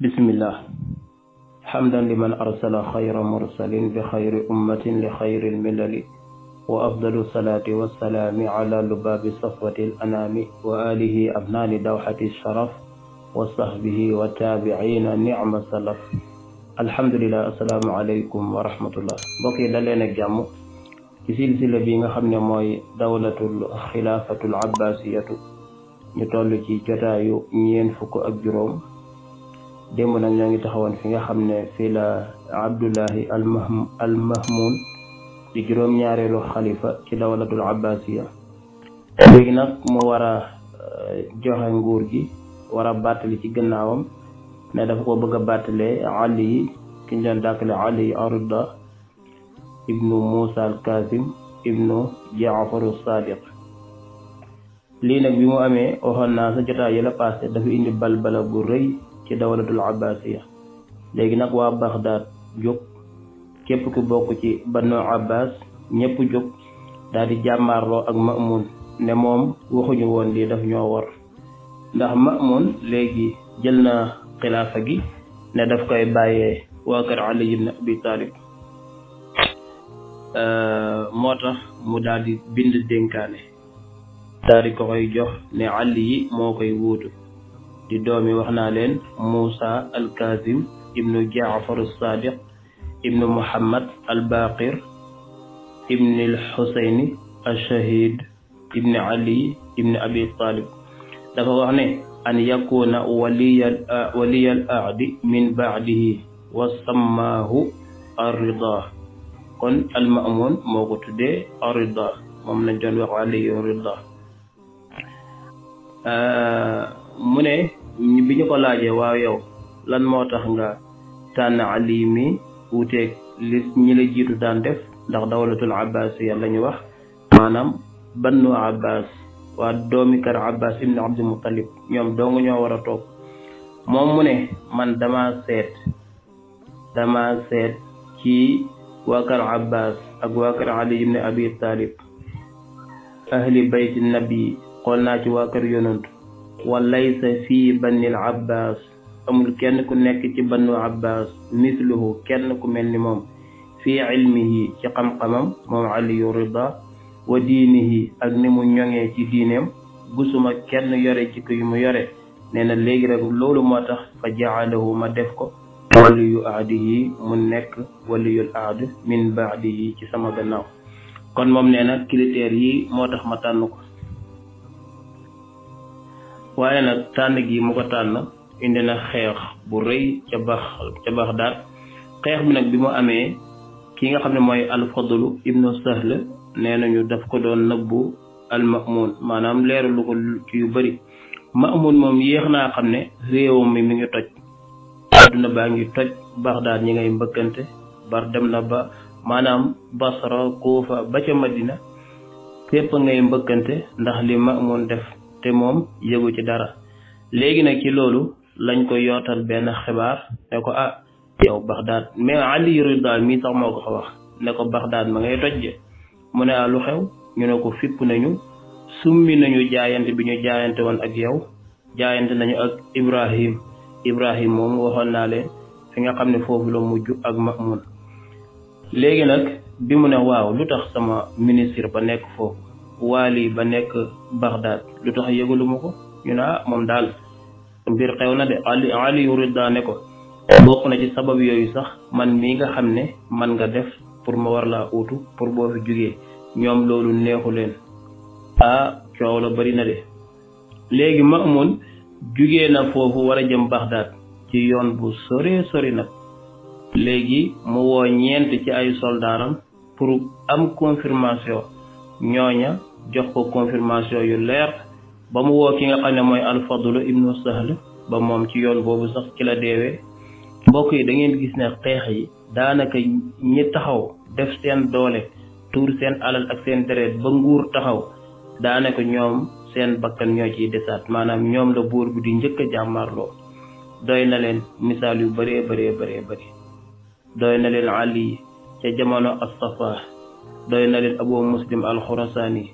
بسم الله حمدا لمن أرسل خير مرسل بخير أمة لخير الملل وأفضل الصلاة والسلام على لباب صفوة الأنام وآله أبنان دوحة الشرف وصحبه وتابعين نعم السلف الحمد لله السلام عليكم ورحمة الله بقي لنا جامو ci silsila bi nga موي دولة الخلافة العباسية xilaafatul abbasiyatu ñu toll ci démb nag ñoo ngi taxawoon fi nga xam ne fii la Abdullahi al di juróom-ñaareelu xalifa ci dawlatul abbasiya léegi nag mu war a euh, joxe nguur gi war a bàttali ci gannaawam ne dafa ko bëgg a bàttalee Ali yi ki ñu doon dàkkale Ali Arda ibnu Moussa al ibnu Jaafaru Sadiq lii nag bi mu amee waxoon naa sa jotaay yi la passé dafa indi balbala bu ci dawlatul abbasiya léegi nag waa Baxdaad jóg képp ku bokk ci banu abbas ñépp jóg daal di jàmmaarloo ak Ma'mun ne moom waxuñu woon lii daf ñoo war ndax Ma'mun léegi jël na xilaafa gi ne daf koy bàyyee waa kër Ali ibn Abi Talib euh, moo tax mu daal bind dénkaane daal di ko jox ne Ali moo koy wuutu di doomi wax naa leen Moussa al-Kazim ibn Jaafar as-Sadiq ibn Muhammad al-Baqir ibn al-Husayni ash-Shahid ibn Ali ibn Abi Talib dafa wax ne an yakuna waliya al adi min ba'dihi wa sammahu ar-Rida kon al-Ma'mun moko ko ar-Rida mom lañ doon wax ar Rida mu ne bi ñu ko laajee yow lan moo tax nga tànn Ali mi wuuteeg li ñi la jiitu daan def ndax dawlatul abbasiya la ñu wax maanaam bannu abbas waa doomi kër abbas ibni abdul muttalib ñoom dong ñoo war a toog moom mu ne man dama seet dama seet ci waa kër abbas ak waa kër ali ibni abi talib ahli bayti nabi xool naa ci waa kër yonantu wa laysa fii banil abbas amul kenn ku nekk ci bannu abbas misluhu kenn ku mel ni moom fii ilmihi ci xam-xamam moom aliyu rida wa yi ak ni mu ñoŋee ci diineem gusuma kenn yore ci ko yu mu yore nee na léegi rek loolu moo tax fa jaalahu ma def ko waliyu aadi yi mu nekk waliyul aad min baadi yi ci sama gannaaw kon moom nee na critères yi moo tax ma tànn ko waaye nag tànn gi mu ko tànn indi na xeex bu rëy ca bax ca xeex bi nag bi mu amee ki nga xam ne mooy alfadlu ibnu sahl nee nañu daf ko doon bu nëbbu almamun maanaam leeralu ko ci yu bëri mamun moom yéex naa xam ne réewam mi mi ngi toj àdduna baa ngi toj baax daal ñi ngay mbëkkante bar dem na ba maanaam Basra Kuufa ba ca Madina fépp ngay mbëkkante ndax li mamun def te moom yëgu ci dara léegi nag ci loolu lañ koy yootal benn xibaar ne ko ah yow Baxdaad mais Ali Rida mii sax moo ko ko wax ne ko Baxdaad ma ngay toj mu ne ah lu xew ñu ne ko fipp nañu summi nañu jaayante bi ñu jaayante woon ak yow jaayante nañu ak Ibrahim Ibrahim moom waxoon naa fi nga xam ne foofu la mujj ak Mahmoud léegi nag bi mu ne waw lu tax sama ministre ba nekk foofu waali ba nekk Bagdad lu tax yëgalu ma ko ñu ne ah moom daal mbir xew na de Ali Aliyu Rida ne ko bokk na ci sabab yooyu sax man mii nga xam ne man nga def pour ma war laa uutu pour boo fi jógee ñoom loolu neexu leen ah coow la bari na de léegi Maamun jógee na foofu war a jëm Bagdad ci yoon bu sore sori nag léegi mu woo ñeent ci ay soldaaram pour am confirmation ñooña jox ko confirmation yu leer ba mu woo ki nga xam ne mooy alfadlu ibnu sahl ba moom ci yoon boobu sax ci la deewee mbokk yi da ngeen gis ne xeex yi daanaka ñi taxaw def seen doole tuur seen alal ak seen deret ba nguur taxaw daanaka ñoom seen bakkan ñoo ciy desaat maanaam ñoom la buur bi di njëkk a doy na leen misaal yu bëree bëree bëree bëri doy na leen Ali ca jamono as-Safa doy na leen abu muslim alxurasaani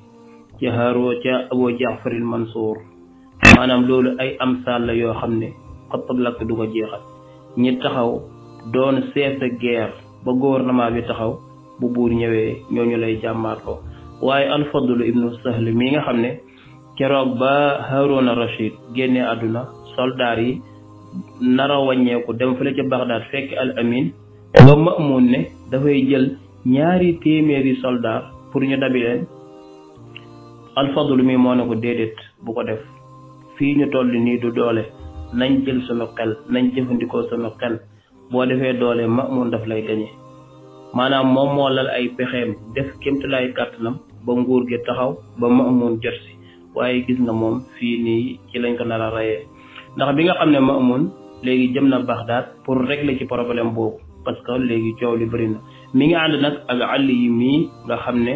ci haaroo ca abu jaafaril mansour maanaam loolu ay am la yoo xam ne xottab lakk du ko jeexal ñi taxaw doon chef de guerre ba gouvernement bi taxaw bu buur ñëwee ñooñu lay jàmmaar ko waaye alfadlu ibnu sahl mi nga xam ne keroog ba Harouna Rachid genne àdduna soldaar yi nara wàññeeku dem fële ca Bagdad fekk al amin ba Mamoun ne dafay jël ñaari téeméeri soldat pour ñu dabi leen mi moo ne ko déedéet bu ko def fii ñu toll nii du doole nañ jël sunu xel nañ jëfandikoo sunu xel boo defee doole ma Maamun daf lay gañe maanaam moom moo lal ay pexeem def kéemtalaay kàttanam ba nguur gi taxaw ba Maamun jot si waaye gis nga moom fii nii ci lañ ko nar a ndax bi nga xam ne Maamun léegi jëm na Baxdaad pour régler ci problème boobu parce que léegi coow li bëri na mi ngi ànd nag ak Ali yi mii nga xam ne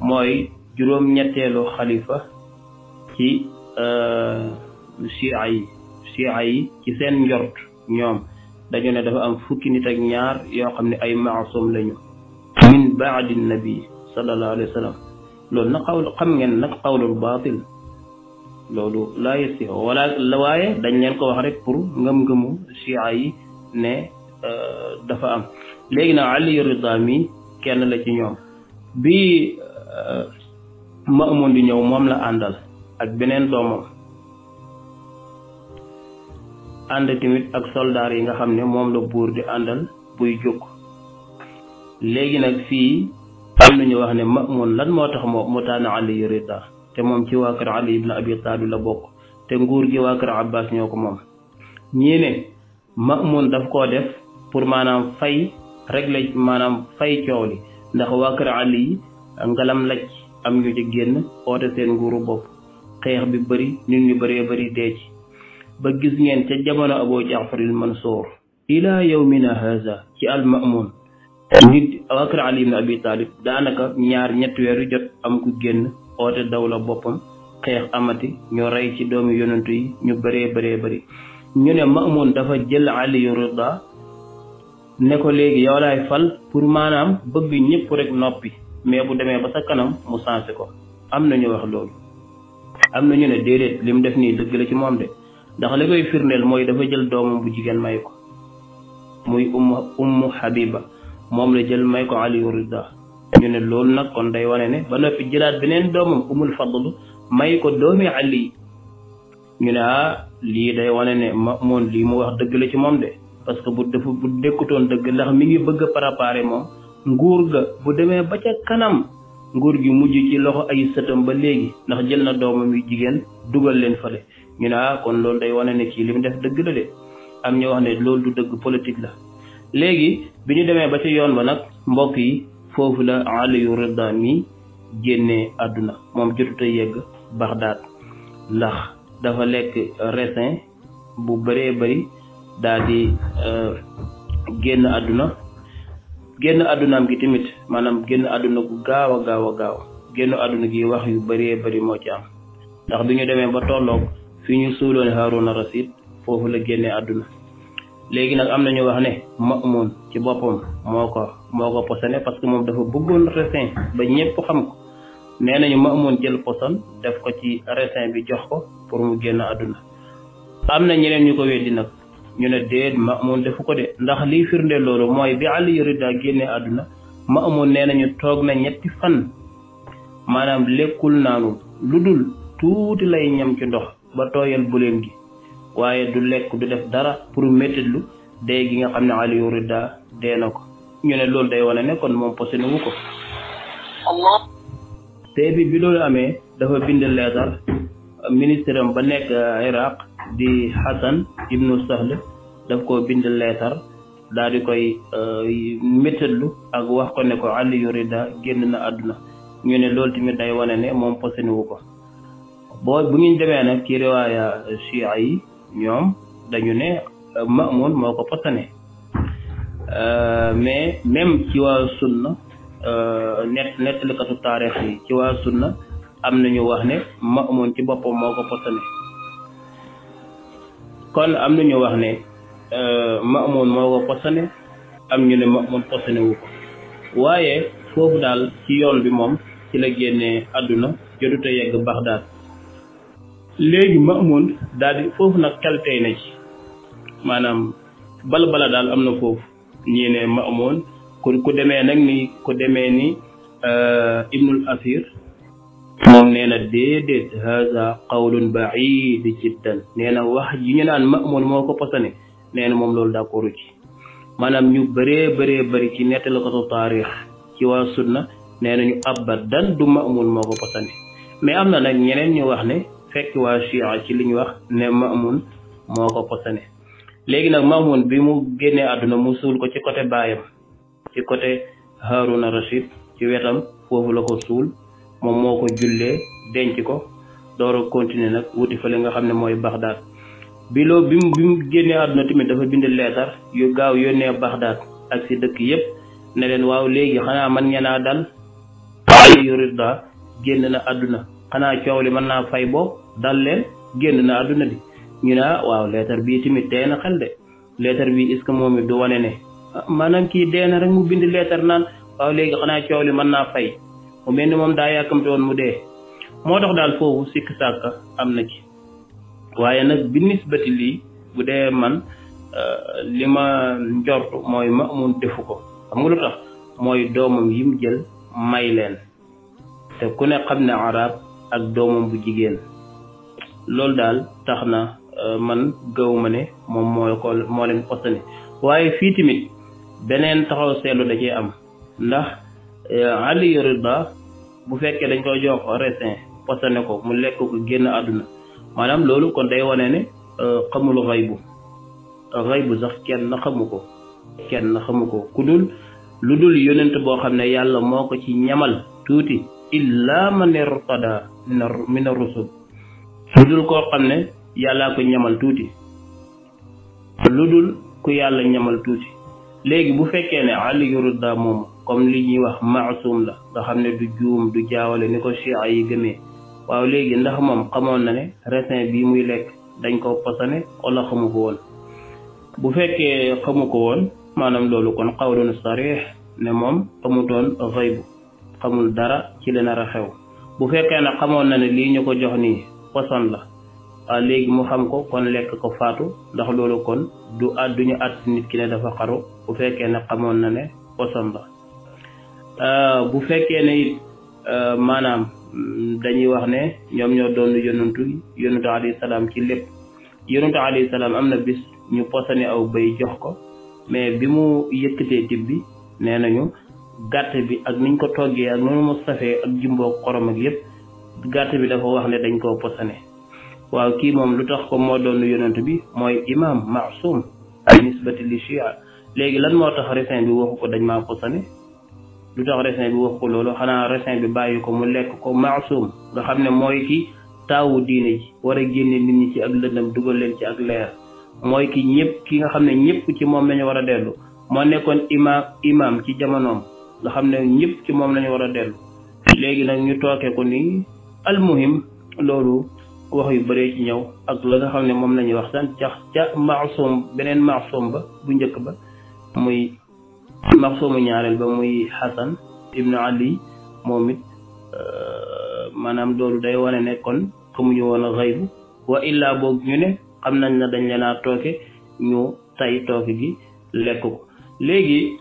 mooy juróom-ñetteelu xalifa ci chia yi chia yi ci seen njort ñoom dañu ne dafa am fukki nit ak ñaar yoo xam ne ay maasum lañu min baadi nabi sallallahu alayhi wa sallam loolu nag xaw xam ngeen nag xawlul baatil loolu laa yesi wala la waaye dañ leen ko wax rek pour ngëm-ngëmu chia yi ne dafa am léegi nag Aliyu Rida mi kenn la ci ñoom bi euh, Maamun di ñëw moom la àndal ak beneen doomam ànd tamit ak soldaar yi nga xam ne moom la buur di àndal buy jóg léegi nag fii am nañu wax ne Maamun lan moo tax moo mu tànn Aliyu Rida te moom ci waa kër Ali ibn Abi Talib la bokk te nguur gi waa a Abbas ñoo ko moom ñii ne Maamun daf koo def pour maanaam fay réglé maanaam fay coow li ndax waa kër àll ngalam laj am ñu ci génn oote seen nguuru bopp xeex bi bëri nit ñu bëree bëri dee ci ba gis ngeen ca jamono Abu Jaafaril Mansour ilaa yawmina haza ci almamun nit waa kër Ali ibn Abi Talib daanaka ñaar ñetti weer yu jot am ku génn oote dawla boppam xeex amati ñu rey ci doomi yonentu yi ñu bëree bëree bëri ñu ne mamun dafa jël Aliyu Rida ne ko léegi yow laay fal pour maanaam bëgg ñëpp rek noppi mais bu demee ba sa kanam mu sensé ko am na ñu wax loolu. am na ñu ne déedéet li mu def nii dëgg la ci moom de ndax li koy firndeel mooy dafa jël doomam bu jigéen may ko muy ummu ummu moom la jël may ko Aliou Rida ñu ne loolu nag kon day wane ne ba noppi jëlaat beneen doomam umul Fadl may ko doomi Ali ñu ne ah lii day wane ne ma moom lii mu wax dëgg la ci moom de. parce que bu dafa bu nekkutoon dëgg ndax mi ngi bëgg a préparer moom nguur ga bu demee ba ca kanam nguur gi mujj ci loxo ay sëtam ba léegi ndax jël na doomam yu jigéen dugal leen fale ñu ne ah kon loolu day wane ne kii li mu def dëgg la de am ñu wax ne loolu du dëgg politique la. léegi bi ñu demee ba ci yoon ba nag mbokk yi foofu la Aliyu Radaan mi génnee àdduna moom jotut a yegg Baxdaad ndax dafa lekk bu bëree bari dadi di eh, génn aduna génn àddunaam gi tamit maanaam génn aduna gu gaaw a gaaw a gaaw génn aduna gi wax yu bëree bëri moo ci am ndax bi ñu demee ba tolloog fi ñu suuloon Haaruna Rasid foofu la génnee aduna léegi nag am nañu wax ne Ma'mun ci boppam moo ko moo ko posone parce que moom dafa bëggoon resin ba ñëpp xam ko nee nañu Ma'mun jël def ko ci resin bi jox ko pour mu génn aduna am na ñeneen ñu ko weddi ñu ne déet Maamun defu ko de ndax li firnde loolu mooy bi Ali Rida génne àdduna ma Maamun nee nañu toog na ñetti fan maanaam lekkul naanu lu dul tuuti lay ñam ci ndox ba tooyal bëleem gi waaye du lekk du def dara pour méttitlu dee gi nga xam ne Ali Rida dee na ko ñu ne loolu day wane ne kon moom posone wu ko te bi bi loolu amee dafa bind leetar ministre am ba nekk uh, Iraq di Xasan ibnu Sahl daf ko bind leetar daal di koy euh, métadlu ak wax ko ne ko Aliyu da génn na àdduna ñu ne loolu tamit day wane ne moom posé wu ko boo bu ñu demee nag ci riwaaya chia yi ñoom dañu ne euh, Mamoun moo ko posane euh, mais même ci waa sunna net nettalikatu taarix yi ci waa sunna am na ñu wax ne Mamoun ci boppam moo ko posane kon am na ñu wax ne ma euh, Maamun moo ko posone am ñu ne ma Maamun posone wu ko waaye foofu daal ci yoon bi moom ci la génnee àdduna jotut a yegg daal léegi Maamun daal di foofu nag xeltey na ci maanaam bala daal am na foofu ñii ne Maamun ku ku demee nag ni ku demee ni euh, Ibnul Asir moom nee na déedéet haza qawlun baid jiddan nee na wax yi ñu naan mamoun moo ko posane nee na moom loolu d'accord ci maanaam ñu bëree bare bari ci nettali ko su taarix ci waa sunna nee na ñu abadan du mamoun moo ko posane mais am na nag ñeneen ñu wax ne fekk waa chia ci li ñu wax ne mamoun moo ko posane léegi nag mamoun bi mu génnee àdduna mu suul ko ci côté baayam ci côté Haruna Rashid ci wetam foofu la ko suul moom moo ko jullee denc ko door continuer nag wuti fële nga xam ne mooy Baxdaad bi loo bi mu bi mu génnee tamit dafa bind leetar yu gaaw yónnee Baxdaad ak si dëkk yëpp ne leen waaw léegi xanaa man ngeen a dal Yurida génn na àdduna xanaa coow li mën naa fay boobu dal leen génn na àdduna bi ñu ne ah, waaw leetar bii tamit tey na xel de leetar bi est ce que moom it du wane ne ah, maanaam kii dee rek mu bind leetar naan waaw léegi xanaa coow li mën naa fay mu mel ni moom daa yàkkamte woon mu dee moo tax daal foofu sikk sàkk am na ci waaye nag bi nisbati lii bu dee man euh, li ma njort mooy ma mun defu ko xam nga lu tax mooy doomam yi jël may leen te ku ne xam ne arab ak doomam bu jigéen loolu daal tax na euh, man gaw ma ne moom moo ko moo leen posane waaye fii tamit beneen taxaw seetlu da cee am ndax Euh, Ali Rida bu fekkee dañ ko jox raisin posone ko mu lekk ko génn àdduna maanaam loolu kon day wane ne euh, xamul xaybu xaybu sax kenn xamu ko kenn xamu ko ku dul lu dul yonent boo xam ne yàlla moo ko ci ñamal tuuti illa man irtada min ar-rusul lu xam ne yàllaa ko ñamal tuuti lu dul ku yàlla ñamal tuuti léegi bu fekke ne Ali Rida moom comme li ñuy wax maasum la nga xam ne du juum du jaawale ni ko chia yi gëmee waaw léegi ndax moom xamoon na ne raisin bii muy lekk dañ ko posone wala xamu ko bu fekkee xamu ko woon maanaam loolu kon xawlun sarix ne moom xamutoon xaybu xamul dara ci li a xew bu fekkee ne xamoon na ne lii ñu ko jox nii poson la waaw ah, léegi mu xam ko kon lekk ko faatu ndax loolu kon du at duñu at nit ki ne dafa xaru bu fekkee ne xamoon na ne poson la Euh, bu fekkee ne it euh, maanaam mm, dañuy wax ne ñoom ñoo doon yonantu yonantu alayhi salaam ci lépp yonantu alayhi salaam am na bis ñu posone aw bay jox ko mais bi mu yëkkatee tib bi nee nañu gàtt bi ak niñ ko toggee ak noonu mu safee ak jimboo xorom ak yépp gàtt bi dafa wax ne dañ ko posone waaw kii moom lu tax ko moo doon yonantu bi mooy imam maasum nisbati li chia léegi lan moo tax refin bi waxu ko dañ maa posone lu tax raisin bi wax ko loolu xanaa raisin bi bàyyi ko mu lekk ko maasum nga xam ne mooy ki taawu diine ji war a génne nit ñi ci ak lëndam dugal leen ci ak leer mooy ki ñëpp ki nga xam ne ñëpp ci moom la ñu war a dellu moo nekkoon imaam imaam ci jamonoom nga xam ne ñëpp ci moom la war a dellu léegi nag ñu tookee ko ni almuhim loolu wax yu bëree ci ñëw ak la nga xam ne moom la ñuy wax san ca maasum beneen maasum ba bu njëkk ba muy maxsuumu ñaareel ba muy Xasan ibnu Ali moom it euh, maanaam loolu day wane nekkoon kon xamuñu woon a xaybu wa illaa boog ñu ne xam nañ na dañ leen a tooke ñu tay tooke gi lekk ko léegi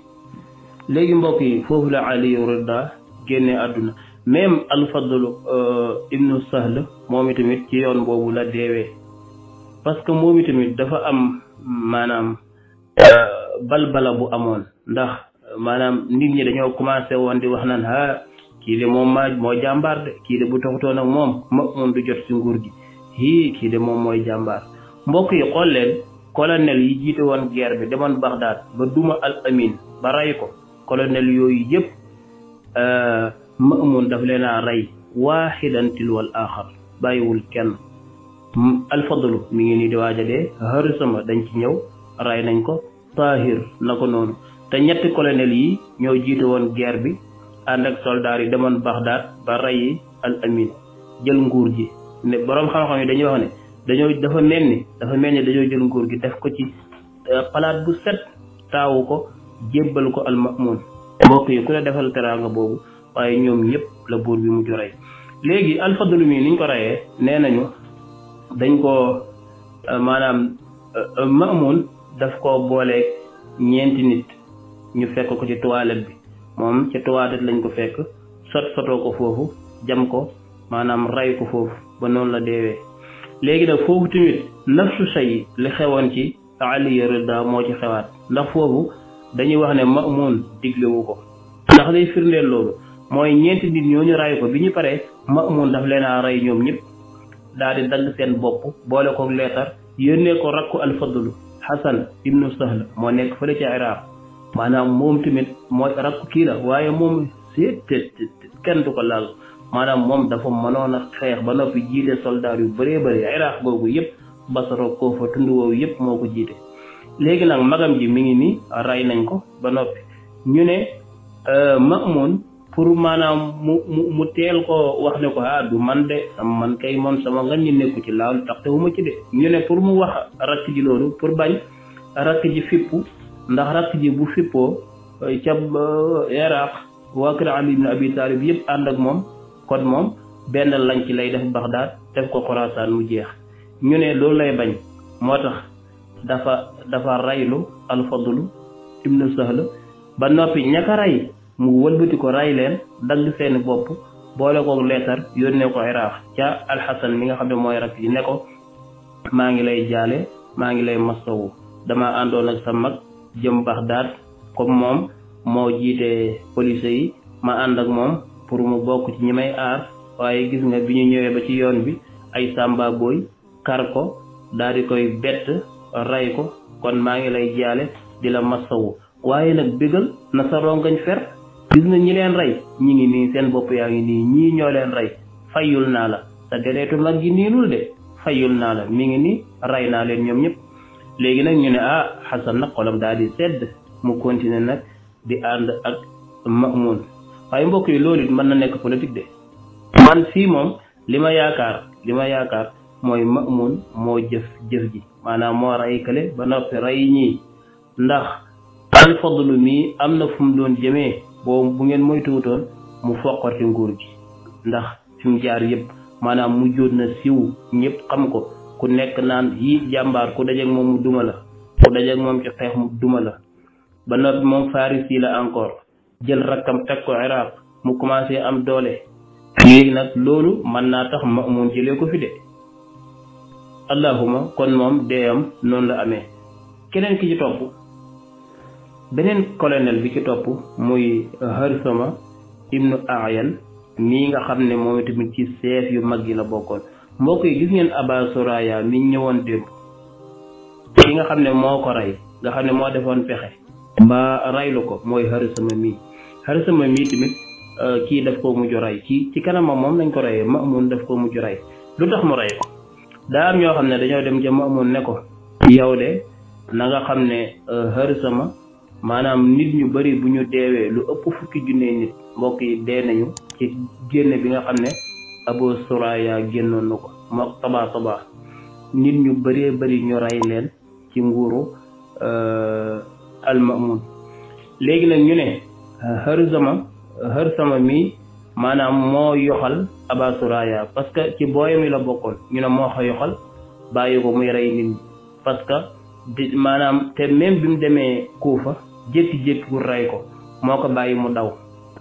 léegi mbokk yi foofu la Aliyu Ridda génne àdduna même alfadlu euh, ibnu Sahl moom itamit ci yoon boobu la deewee parce que moom itamit dafa am maanaam euh, balbala bu amoon ndax maanaam nit ñi dañoo commencé woon di wax naan ha ah, kii de moom maa moo jàmbaar kii de bu taxutoon ak moom ma moom du jot si nguur gi hii kii de moom mooy jàmbaar mbokk yi xool leen colonel yi jiite woon guerre bi demoon Bagdad ba duma al amin ba rey ko colonel yooyu yëpp euh, Maamun daf leen a rey waaxidan tilwal axar bàyyiwul kenn alfadlu mi ngi nii di waaj a dee Harsama dañ ci ñëw rey nañ ko Tahir na noonu te ñetti colonel yi ñoo jiite woon guerre bi ànd ak soldaar yi demoon Bagdad ba rey al amin jël nguur ji ne boroom xam-xam yi dañuy wax ne dañoo dafa mel ni dafa mel ni dañoo jël nguur gi def ko ci euh, palaat bu set taawu ko jébbal ko al mamun mbokk yi ku ne defal teraanga boobu waaye ñoom ñëpp la buur bi mujj rey léegi al fadlu niñ ko reyee nee nañu dañ ko euh, maanaam euh, mamun daf ko boole ñeenti nit ñu fekk ko ci toilette bi moom ci toilette lañ ko fekk sot sotoo ko foofu jam ko maanaam ray ko foofu ba noonu la deewee léegi nag foofu tamit nafsu say li xewoon ci Aliyu Rida moo ci xewaat ndax foofu dañuy wax ne ma Mamun diglewu ko ndax day firndeel loolu mooy ñeenti nit ñooñu ray ko bi ñu paree ma Mamun daf leen a rey ñoom ñëpp daal di dagg seen bopp boole ko leetar yónnee ko rakku alfadlu Xasan ibnu Sahl moo nekk fële ca Iraq manam mom timit moy rakku ki la waye mom si te du ko lal manam mom dafa manona xex xeex ba noppi jiite soldat yu bëree bëri iraq googu yep basaro ko fa tundu wo yep moko ko jiite nak magam ji mi ngi nii ray nañ ko ba noppi ñu euh Mamoun pour manam mu mu tel ko wax ne ko ha ah, du man de man kay moom sama nga ñi neeku ci laal taxte wu ma ci de ñu ne pour mu wax rak ji lolu pour bañ rak ji fippu ndax rakk ji bu fippoo eh, ca eh, Iraq waa kër Ali ibn Talib yëpp ànd ak moom kon moom benn lañ lay def Baxdaad def ko Xorasaan mu jeex ñu ne loolu lay bañ moo tax dafa dafa raylu alfadlu ibnu Sahl ba noppi ñaka ray mu wëlbati ko ray leen dagg seeni bopp boole koog leetar yónnee ko Iraq ca alxasan mi nga xam ne mooy rakk ji ne ko maa ngi lay jaale maa ngi lay masawu dama àndoon ak sa mag jëm Baxdaad ko moom moo jiite police yi ma ànd ak moom pour mu bokk ci ñi may aar waaye gis nga bi ñu ñëwee ba ci yoon bi ay sàmba booy kar ko daal di koy bett ray ko kon maa ngi lay jaale di la masawu waaye nag bégal na sa rongañ fer gis nga ñi leen rey ñi ngi nii seen bopp yaa ngi nii ñii ñoo leen rey fayul naa la sa dereetu mag gi niinul de fayul naa la mi ngi nii rey naa leen ñoom ñëpp léegi nag ñu ne ah Xasan nag xolam daal di sedd mu continuer nag di ànd ak Mamoun waaye mbokk yi loolu mën na nekk politique de man fii moom li ma yaakaar li ma yaakaar mooy Mamoun moo jëf jëf ji maanaam moo rey kële ba noppi rey ñii ndax alfadlu mii am na fu mu doon jëmee boobu bu ngeen moytuwutoon mu foqati nguur gi ndax fi mu jaar yëpp maanaam mujjoon na siiw ñëpp xam ko ku nekk naan yi jàmbaar ku dajeeg moom mu duma la ku dajeeg moom ci xeex mu duma la ba noppi moom faris yi la encore jël rakkam teg ko iraq mu commencé am doole léegi nag loolu mën naa tax moom jëlee ko fi de allahuma kon moom deeyam noonu la amee keneen ki ci topp beneen colonel bi ci topp muy Harsama ibnu Ayan mii nga xam ne moom tamit ci chef yu mag yi la bokkoon mbokk yi gis ngeen Aba Soraya mi ñëwoon démb ki nga xam ne moo ko rey nga xam ne moo defoon pexe mbaa raylu ko mooy Harisama mii Harisama mii tamit euh, kii daf koo mujj rey ci ci kanamam moom lañ ko ma Maamun daf koo mujj rey lu tax mu rey ko daa am ñoo xam ne dañoo dem ca Maamun ne ko yow de na nga xam ne euh, Harisama maanaam nit ñu bari bu ñu deewee lu ëpp fukki ne nit mbokk yi dee nañu ci génn bi nga xam ne Abu Suraya génnoon na ko moo Taba Taba nit ñu bëree bëri ñu ray leen ci nguuru euh, al-Ma'mun léegi nag ñu ne Harzama Harzama mi maanaam moo yoxal Aba Suraya parce que ci booyam yi la bokkoon ñu ne moo ko yoxal bàyyi ko muy rey nit ñi parce que di maanaam te même bi mu demee Kuufa jékki-jékki gu ray ko moo ko bàyyi mu daw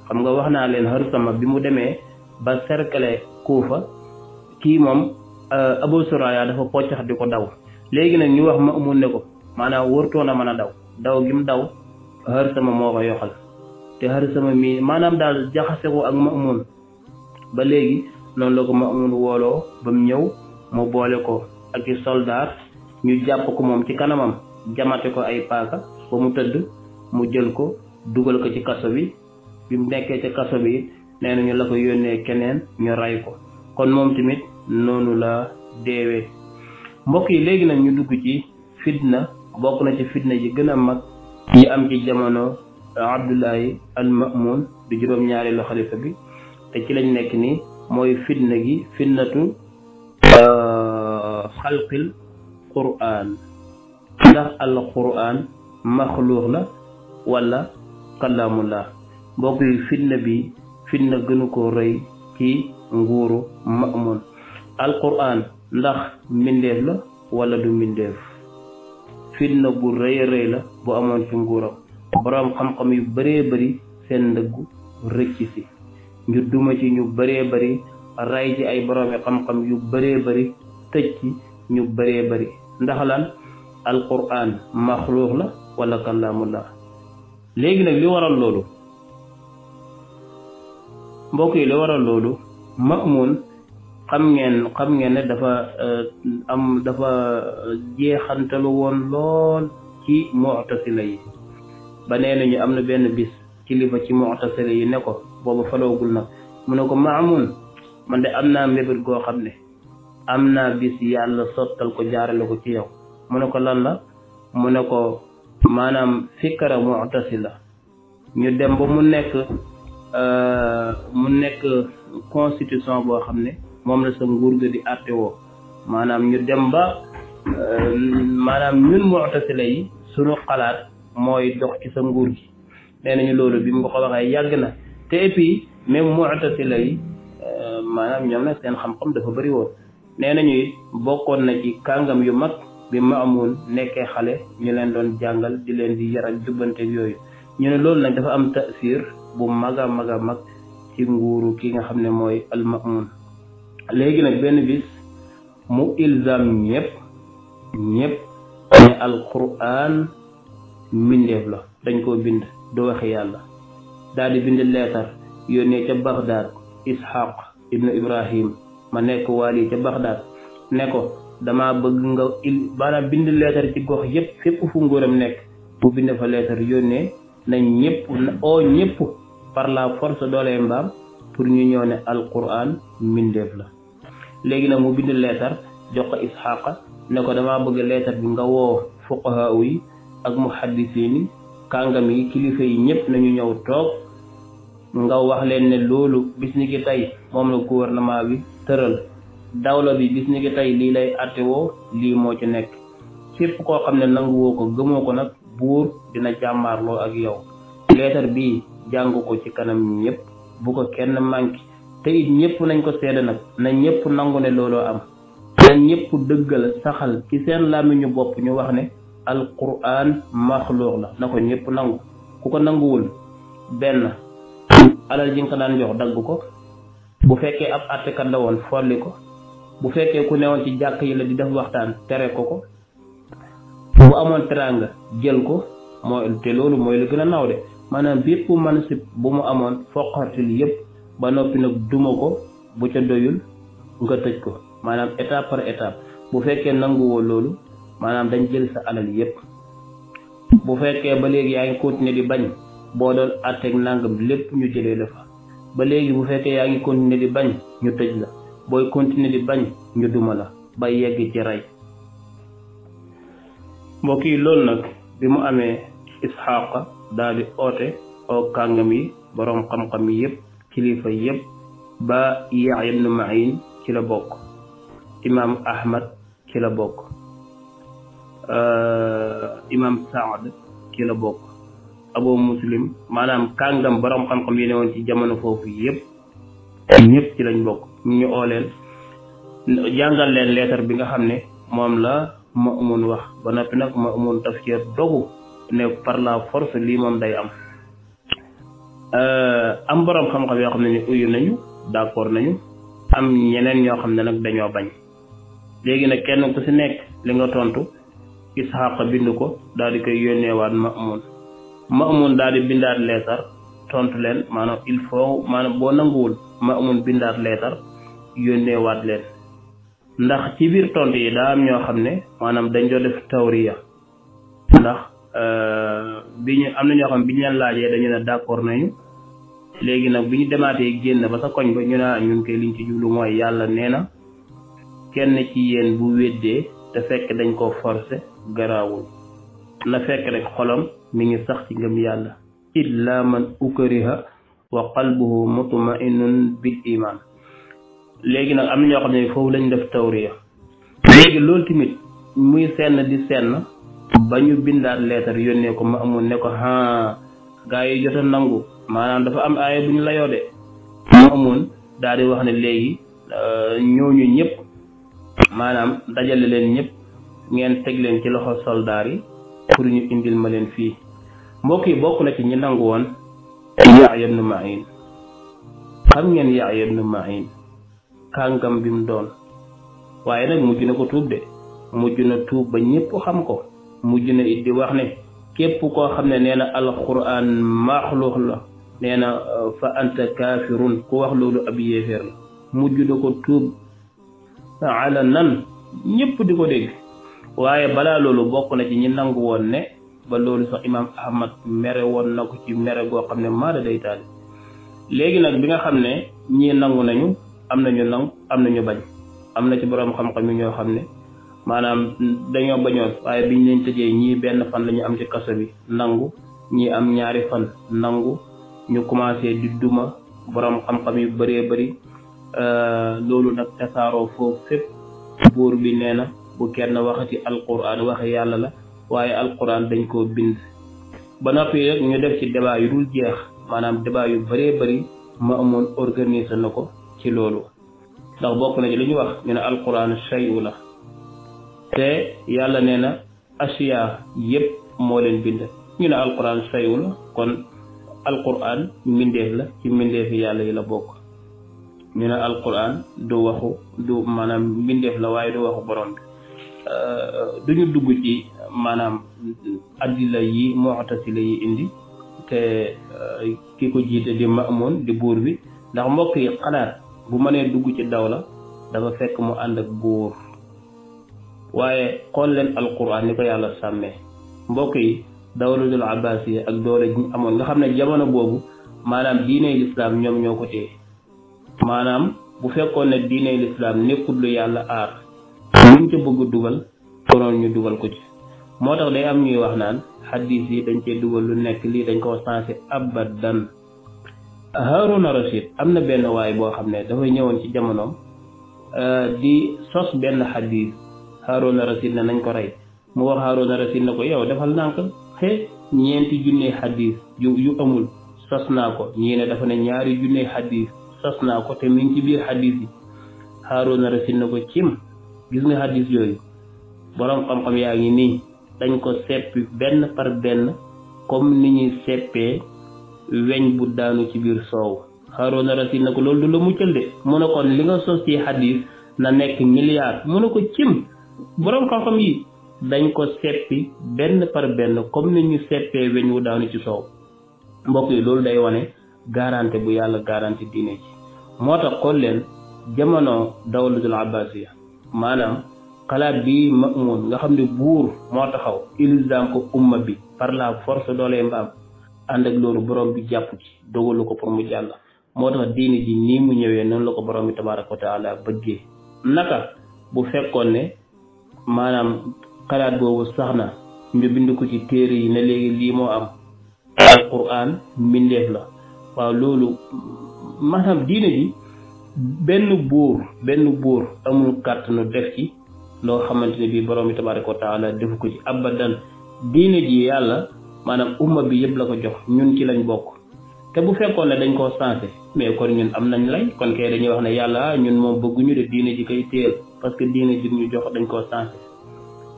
xam nga wax naa leen Harzama bi mu demee ba cercle kuufa kii moom euh, Abu Suraya dafa poccax di ko daw léegi nag ñu wax ma amoon ne ko maanaam wërtoon a mën a daw daw gi mu daw xar sama moo ko yoxal te xar sama mii maanaam daal jaxase ko ak ma amoon ba léegi noonu la ko ma amoon wooloo ba mu ñëw mu boole ko ak i soldaar ñu jàpp ko moom ci kanamam jamate ko ay paaka ba mu tëdd mu jël ko dugal ko ci kaso bi mu nekkee ci kaso bi nee nañu la ko yónnee keneen ñu ray ko kon moom tamit noonu la deewee mbokk yi léegi nag ñu dugg ci fitna bokk na ci fitna ji gën a mag ñu am ci jamono Abdullahi al-Ma'mun di juróom-ñaareelu xalifa bi te ci lañ nekk ni mooy fitna gi fitnatu euh, xalqil quraan ndax al quraan maxluux la wala kalaamullah mbokk yi fitna bi fitna gënu ko rëy ci nguuru ma'mun alquran ndax mbindeef la walla du mbindeef fitna bu rëy rëy la bu amoon ci nguuram boroom xam-xam yu bëree bari seen ndëggu rëcc si ñu duma ci ñu bëree bari ray ci ay boroomi xam-xam yu bëree bari tëj ci ñu bëree bari ndax lan alquran maxluux la wala kàllaamullah léegi nag li waral loolu mbokk yi la waral loolu mamun xam ngeen xam ngeen ne dafa euh, am dafa euh, jeexantalu woon lool ci moctasila yi ba nee nañu am na benn bis kilifa ci moctasila yi ne ko boobu falowagul na mu ne ko mamun man de am naa mbébét goo xam ne am naa bis yàlla sottal ko jaarale ko ci yow mu ne ko lan la mu ne ko maanaam fikkara moctasila ñu dem ba mu nekk Euh, mu nekk constitution boo xam ne moom la sa nguur ga di àtte woo maanaam ñu dem ba euh, maanaam ñun mu'tasila yi sunu xalaat mooy dox ci sa nguur gi nee nañu loolu bi mu yàgg na te et puis même mu'tasila yi euh, maanaam ñoom nag seen xam dafa bëri nee nañu bokkoon na ci kàngam yu mag bi mu amul nekkee xale ñu leen doon jàngal di leen di yaral jubbanteeg yooyu ñu ne loolu nag dafa am tasir bu mag a mag a mag ci nguuru ki nga xam ne mooy almamun léegi nag benn bis mu ilzam ñëpp ñëpp ne alquran mbindeef la dañ koo bind du waxi yàlla daal di bind leetar yónnee ca Baghdad Ishaq ibnu Ibrahim ma nekk waali ca Baghdad ne ko dama bëgg nga il bind leetar ci gox yëpp fu ngóoram nekk bu bind fa leetar yónnee nañ ñëpp oo ñëpp par la force doolee mbaam pour ñu ñëw ne alquran mbindeef la léegi nag mu bind leetar jox ko isxaqa ne ko damaa bëgg leetar bi nga woo fuqahaa yi ak muhaddisiin yi kàngam yi kilifa yi ñëpp nañu ñëw toog nga wax leen ne loolu bis ni tey moom na gouvernement bi tëral dawla bi bis ni tey lii lay attewoo lii moo ci nekk képp koo xam ne nanguwoo ko gëmoo ko nag buur dina jàmmaarloo ak yow leetar bii jàng ko ci kanam ñëpp bu ko kenn manki te it ñëpp nañ ko sédé nak na ñëpp nangu ne lolo am na ñëpp deugal saxal ci seen làmmiñu bop ñu wax ne alquran makhluq la nako ko ñëpp nangu ku ko nanguwul ben alal jing nga daan jox dagg ko bu fekke ab atté la woon folli ko bu fekke ku newoon ci jakk yi la di def waxtaan téré ko ko bu amon teranga jël ko moy té lolu moy lu gëna maanaam man mansib bu mu amoon foqartil yëpp ba noppi nag duma ko bu ca doyul nga tëj ko maanaam état par étape bu fekkee nanguwoo loolu maanaam dañ jël sa alal yëpp bu fekkee ba léegi yaa ngi continuer di bañ boo doon àtteeg nangam lépp ñu jëlee la fa ba léegi bu fekkee yaa ngi continuer di bañ ñu tëj la booy continuer di bañ ñu duma la ba yegg ci rey mbokk yi loolu nag bi mu amee Isxaaqa daal di oote oo kàngam yi borom xam-xam yi kilifa yëpp ba Yaxya ibnu Ma'in ci la bokk imaam Ahmad ci la bokk euh, imaam Saad ci la bokk Abu Muslim maanaam kàngam borom xam-xam yi ne woon ci jamono foofu yëpp ñëpp ci lañ bokk ñu ooleen jàngal leen leetar bi nga xam ne moom la Ma'mun wax ba noppi nag Ma'mun daf cee dogu ne par la force lii moom day am euh, am boroom xam-xam yoo xam ne ni uyu nañu d'accord nañu am ñeneen ñoo xam ne nag dañoo bañ léegi nag kenn ku ci nekk li nga tontu Isxaaq bindu ko daal di koy ma yónneewaat ma Maamun daal di bindaat leetar tontu leen maanaam il faut maanaam boo nanguwul Maamun bindaat leetar yónneewaat leen ndax ci biir tontu yi daa am ñoo xam ne maanaam dañ doo def tawriya ndax Euh, bi ñu am na ñoo xam bi ñu leen laajee dañu ne d'accord nañu léegi nag bi ñu demaatee génn ba sa koñ ba ñu ne ah, ñun lu liñ ci jublu mooy yàlla nee na kenn ci yéen bu weddee te fekk dañ koo forcer garaawul na fekk rek xolom mi ngi sax ci ngëm yàlla illa man ukriha wa qalbuhu mutma'innun bil iman léegi nag am na ñoo xam ne foofu lañ def tawriya léegi loolu tamit muy senn di senn ba ñu bindaat leetar yónnee ko ma amoon ne ko haa gaa yi jot a nangu maanaam dafa am aaya bu ñu layoo de ma amoon daal di wax ne léegi euh, ñooñu ñépp maanaam dajale leen ñépp ngeen teg leen ci loxo soldaar yi pour ñu indil ma leen fii mbokk yi bokk la ci ñi nangu woon Yaxya ibnu Maïn xam ngeen Yaxya ibnu Maïn kàngam bi mu doon waaye nag mujj na ko tuub de mujj na tuub ba ñépp xam ko mujj na it wax ne képp koo xam ne nee na alquran maxluux la nee na euh, fa anta kafirun ku wax loolu ab yéeféer la mujj na ko ala nan ñëpp di ko dégg waaye balaa loolu bokk na ci ñi nangu woon ne ba loolu sax imam ahmad mere woon na ko ci mere goo xam ne la day taali léegi nag bi nga xam ne ñii nangu nañu am nañu nangu am nañu bañ am na ci borom xam-xam yi ñoo xam maanaam dañoo bañoon waaye biñ leen tëjee ñii benn fan la ñu am ci kaso bi nangu ñii am ñaari fan nangu ñu commencé di duma borom xam-xam yu bëree bëri euh, loolu nag tasaaroo foofu fépp buur bi nee na bu kenn waxati alquran waxi yàlla la waaye alquran dañ koo bind ba noppi rek ñu def ci débat yu dul jeex maanaam débat yu bëree bari ma amoon organiser na ko ci loolu ndax bokk na ci li ñu wax ñu ne alquran shayu la te yàlla nee na asiya yépp moo leen bind ñu ne alquran sayu la kon alquran mbindeef la ci mbindeefi yàlla yi la bokk ñu ne alquran du waxu du maanaam mbindeef la waaye du waxu borom bi euh, du ñu dugg ci maanaam addila yi mu'tasila yi indi te euh, ki ko jiite di maamoon di buur bi ndax mbokk yi xalaat bu mënee dugg ci dawla dafa fekk mu ànd ak buur waaye xool leen alquran ni ko yàlla sàmmee mbokk yi dawlatul abbas yi ak doole gi amoon nga xam ne jamono boobu maanaam diiney lislaam ñoom ñoo ko téye maanaam bu fekkoon ne diiney lislaam nekkul lu yàlla aar luñ ca bëgg a dugal konoon ñu dugal ko ci moo tax day am ñuy wax naan xaddis yi dañ cee dugal lu nekk lii dañ ko sensé abadan Haruna Rashid am na benn waay boo xam ne dafay ñëwoon ci jamonoom euh, di sos benn xaddis Haaruna Rasiid na nañ ko rey mu wax Haaruna Rasiid ne ko yow defal nànk xe ñeenti junne xaddiis yu yu amul sas naa ko ñii ne dafa ne ñaari junne xaddiis sas naa ko te mi ngi ci biir xaddiis yi Haaruna Rasiid ne ko cim gis nga xaddiis yooyu boroom xam-xam yaa ngi nii dañ ko seppi benn par benn comme ni ñuy seppee weñ bu daanu ci biir soow Haaruna Rasiid na ko loolu du la muccal de mu ne kon li nga sos ci xadis na nekk milliard mu ne ko cim boroom xam-xam yi dañ ko seppi benn par benn comme ni ñu seppee weñ wu daanu ci soow mbokk yi loolu day wane garanti bu yàlla garanti diine ji moo tax xool leen jamono dawlatul abbasiya maanaam xalaat bi Maamun nga xam ne buur moo taxaw ilzam ko umma bi par la force doolee mbaam ànd ak loolu borom bi jàpp ci dogalu ko pour mu jàll moo tax diine ji nii mu ñëwee noonu la ko borom bi tabaraka wa taala bëggee naka bu fekkoon ne manam xalaat boobu sax na ñu bind ko ci téere yi na léegi lii moo am alquran mbindeef la waaw loolu maanaam diine ji benn buur benn buur amul kàttanu def ci loo xamante ne bii borom bi tabaraka taala defu ko ci abadan diine ji yalla maanaam umma bi yëpp la ko jox ñun ci lañ bokk te bu fekkoon ne dañ koo sensé mais kon ñun am nañ lay kon kay dañuy wax ne yàlla ñun moom bëgguñu de diine ji kay téel parce que diine ji ñu jox dañ koo sensé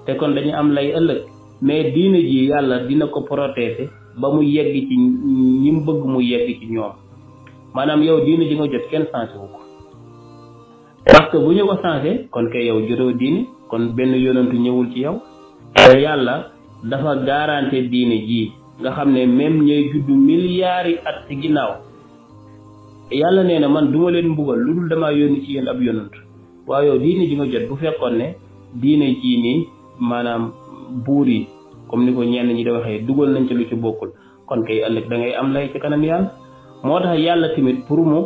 te kon dañu am lay ëllëg mais diine ji yàlla dina ko protéger ba mu yegg ci ñi bëgg mu yegg ci ñoom maanaam yow diine di nga jot kenn sensé wu ko parce que bu ñu ko sensé kon kay yow jotoo diine kon benn yonantu ñëwul ci yow te yàlla dafa garanté diine ji nga xam ne même ñooy juddu milliards yi at ci ginnaaw yàlla nee na man duma leen mbugal lu dul damaa yónni ci yéen ab yonant waaye yow diine ji nga jot bu fekkoon ne diine jii nii maanaam buur yi comme ni ko ñenn ñi di waxee dugal nañ ci lu ci bokkul kon kay ëllëg da ngay am lay ci kanam yàlla moo tax yàlla tamit pour mu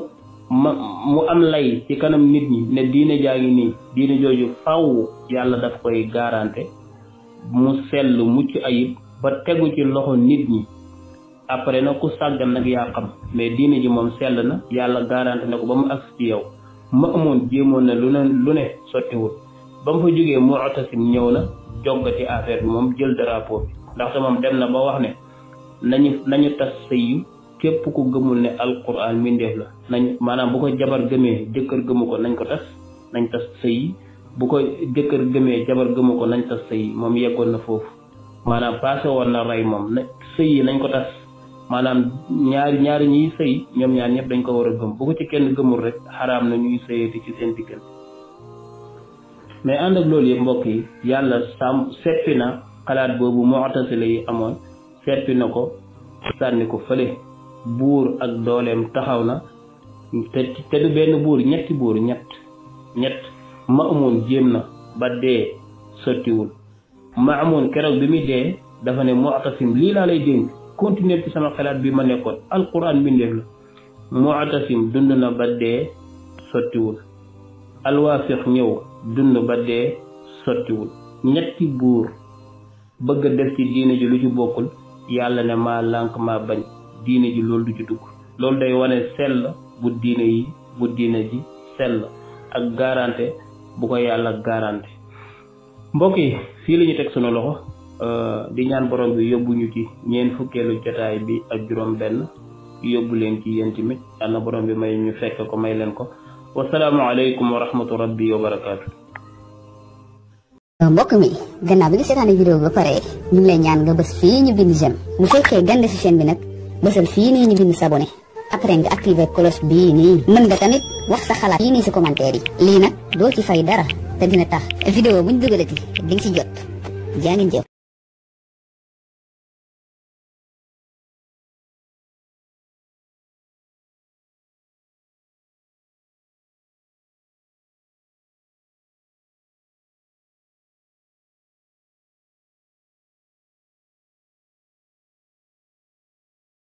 ma mu am lay ci kanam nit ñi diine jaa ngi nii diine jooju faw yàlla daf koy garanté mu sell mucc ayib ba tegu ci loxo nit ñi après na ku sàggan nag yaa xam mais diine ji moom sell na yàlla garanté na ko ba mu agsi yow Maamun jéemoon na lu ne lu ne sottiwul ba mu fa jógee Mu'tasim ñëw na joggati affaire bi moom jël drapeau bi ndaxte moom dem na ba wax ne nañu nañu tas sëy képp ku gëmul ne alquran mbindeef la nañ maanaam bu ko jabar gëmee jëkkër gëmu ko nañ ko tas nañ tas sëy bu ko jëkkër gëmee jabar gëmu ko nañ tas sëy moom yeggoon na foofu maanaam passé woon na rey moom na sëy nañ ko tas maanaam ñaar ñaar ñuy sëy ñoom ñaar ñëpp dañ ko war a gëm bu ci kenn gëmul rek xaraam na ñuy sëyeeti ci seen diggante mais ànd ak loolu yëpp mbokk yi yàlla sàmm seppi na xalaat boobu mu'tasila yi amoon seppi na ko sànni ko fële buur ak dooleem taxaw na te du benn buur ñetti buur ñett ñett ma amoon jéem na ba dee sottiwul Maamun keroog bi muy dee dafa ne mu'tasim lii laa lay dénk continuer ci sama xalaat bii ma nekkoon alquran mbindeef la moo atasim dund na ba dee sottiwul alwaafix ñëw dund ba dee sottiwul ñetti buur bëgg a def ci diine ji lu ci bokkul yàlla ne ma lànk maa bañ diine ji loolu du ci dugg loolu day wane sell bu diine yi bu diine ji sell ak garante bu ko yàlla garanté mbokk yi fii la teg sunu loxo Eh, di ñaan borom bi yóbbu ñu ci ñeen fukkeelu jotaay bi ak juróom benn yóbbu leen ci yéen tamit yàlla borom bi may ñu fekk ko may leen ko wasalaamu alaykum wa rahmatu rabbi wa barakaatu mbokk mi gannaaw bi nga seetaane vidéo ba pare ñu lay ñaan nga bës fii ñu bind jëm bu fekkee gande si chaîne bi nag bësal fii nii ñu bind s'abonné après nga activer cloche bii nii mën nga tamit wax sa xalaat fii nii si commentaire yi lii nag doo ci fay dara te dina tax vidéo buñ dugalati di nga si jot jaa ngeen jëf